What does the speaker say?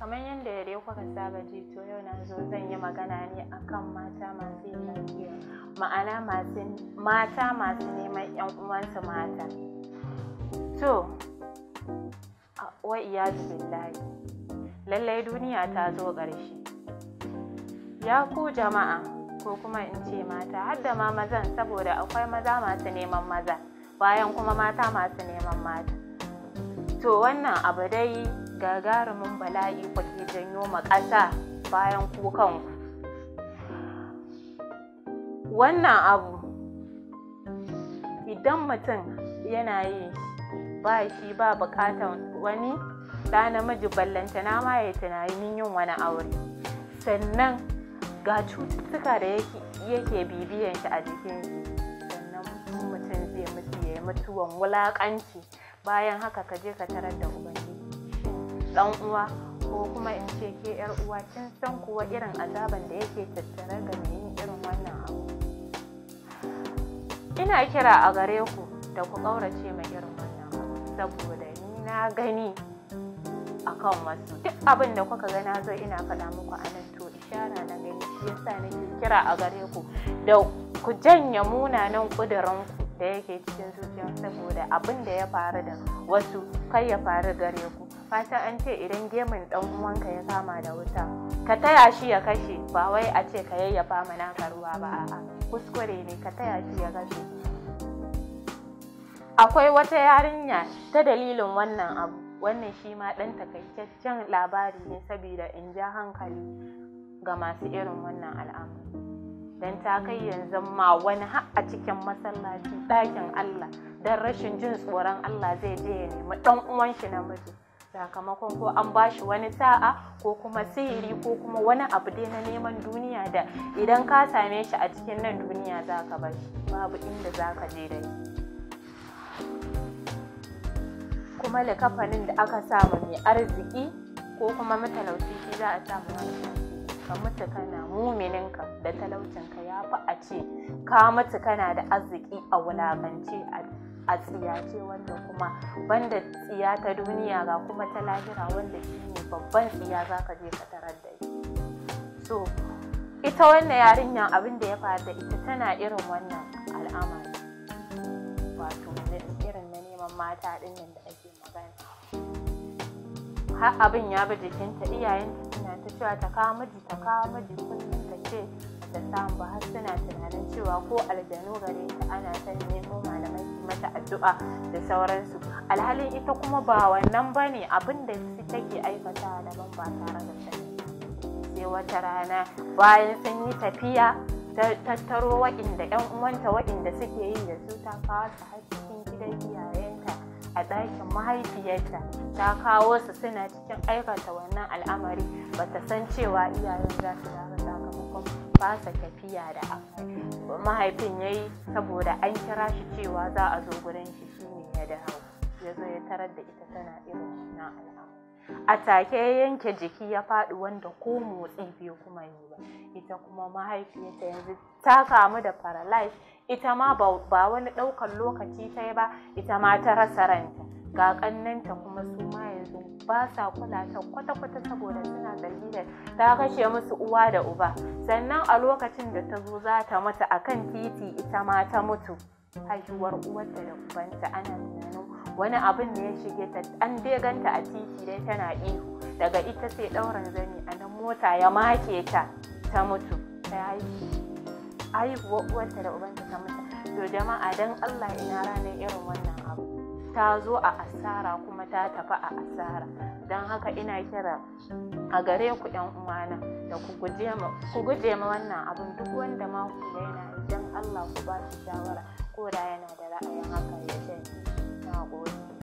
kamar yadda ya dai kuka saba ji to yau na zo zan yi magana ne akan mata masu yin lafiya ma'ana masu mata masu neman yan uwansu mata to wa iyadu billahi lallai duniya ta zo ƙarshe ya ku jama'a ko kuma in ce mata har da ma mazan saboda akwai maza masu neman maza bayan kuma mata masu neman mata to wannan abu dai gagarumin bala'i kuke janyo maƙasa bayan kukan wannan abu idan mutum yana yi ba shi ba bukatan wani ɗa namiji ballantana ma ya tunanin yin wani aure sannan ga cututtuka da yake bibiyan shi a jikin shi sannan mutum zai mutu ya yi mutuwan wulaƙanci bayan haka ka je ka tarar da ubangiji dan uwa ko kuma in ce ke yar uwa kin san kuwa irin azaban da yake tattare ga yin irin wannan abu ina kira a gare ku da ku ƙaurace mai irin wannan abu saboda ni na gani akan wasu duk abin da kuka gana zo ina faɗa muku a nan to ishara na gani shi yasa nake kira a gare ku da ku janye munanan ƙuduranku da yake cikin zuciya saboda abin da ya faru da wasu kai ya faru gare ku fata an ce idan gemun dan uwanka ya kama da wuta ka taya shi ya kashe ba wai a ce ka yayyafa mana ka ruwa ba a'a kuskure ne ka taya shi ya kashe akwai wata yarinya ta dalilin wannan abu wannan shi ma ɗan takaitaccen labari ne saboda in ja hankali ga masu irin wannan al'amari dan ta kai yanzu ma wani har a cikin masallaci dakin Allah dan rashin jin tsoron Allah zai je ya nemi dan uwan shi namiji sakamakon ko an bashi wani sa'a ko kuma sihiri ko kuma wani abu dai na neman duniya da idan ka same shi a cikin nan duniya za ka bashi babu inda za ka je dai kuma likafanin da aka samu mai arziki ko kuma matalauci shi za a samu arziki ka mutu kana mumininka da talaucinka ya fi a ce ka mutu kana da arziki a wulakance a a tsiyace wanda kuma banda tsiya ta duniya ga kuma ta lahira wanda shine babban tsiya za ka je ka tarar da shi so ita wannan yarinyar abin da ya faru da ita tana irin wannan al'amari wato irin na neman mata din nan da ake magana har abin ya bi jikinta iyayenta suna ta cewa ta kawo miji ta kawo miji kullum ta ce ta samu ba har suna tunanin cewa ko aljanu gare ta ana son nemo malamai su mata addu'a da sauransu alhalin ita kuma ba wannan ba ne abin da take aikata daban ba tare da sani sai wata rana bayan sun yi tafiya ta tattaro waɗanda 'yan uwanta waɗanda suke yi da su ta kawo su har cikin gidan iyayenta a ɗakin mahaifiyarta ta kawo su suna cikin aikata wannan al'amari bata san cewa iyayen za su dawo fasa tafiya da mahaifin ya yi saboda an kira shi cewa za a zo gurin shi ne ya hau ya zo ya tarar da ita tana irin wannan al'amari a take yanke jiki ya faɗi wanda ko motsi bai kuma yi ba ita kuma mahaifiyarta yanzu ta kamu da paralyze ita ma ba wani ɗaukar lokaci ta ba ita ma ta rasa ranta ga ƙannanta kuma su ma ba sa kula ta kwata-kwata saboda suna zargi ta kashe musu uwa da uba sannan a lokacin da ta zo za ta mutu a kan titi ita ma ta mutu haihuwar uwarta da ubanta ana tunanin wani abin da ya shige ta an dai ganta a titi dai tana ihu daga ita sai ɗaurin zani a nan mota ya make ta ta mutu ta haihuwar da ubanta ta mutu to jama'a dan Allah ina ranar irin ta zo a asara kuma ta tafi a asara don haka ina kira a gare ku yan uwana da ku guje ma wannan abin duk wanda ma ku yana don allah ku ba shi shawara ko da yana da ra'ayin haka ya ce na gode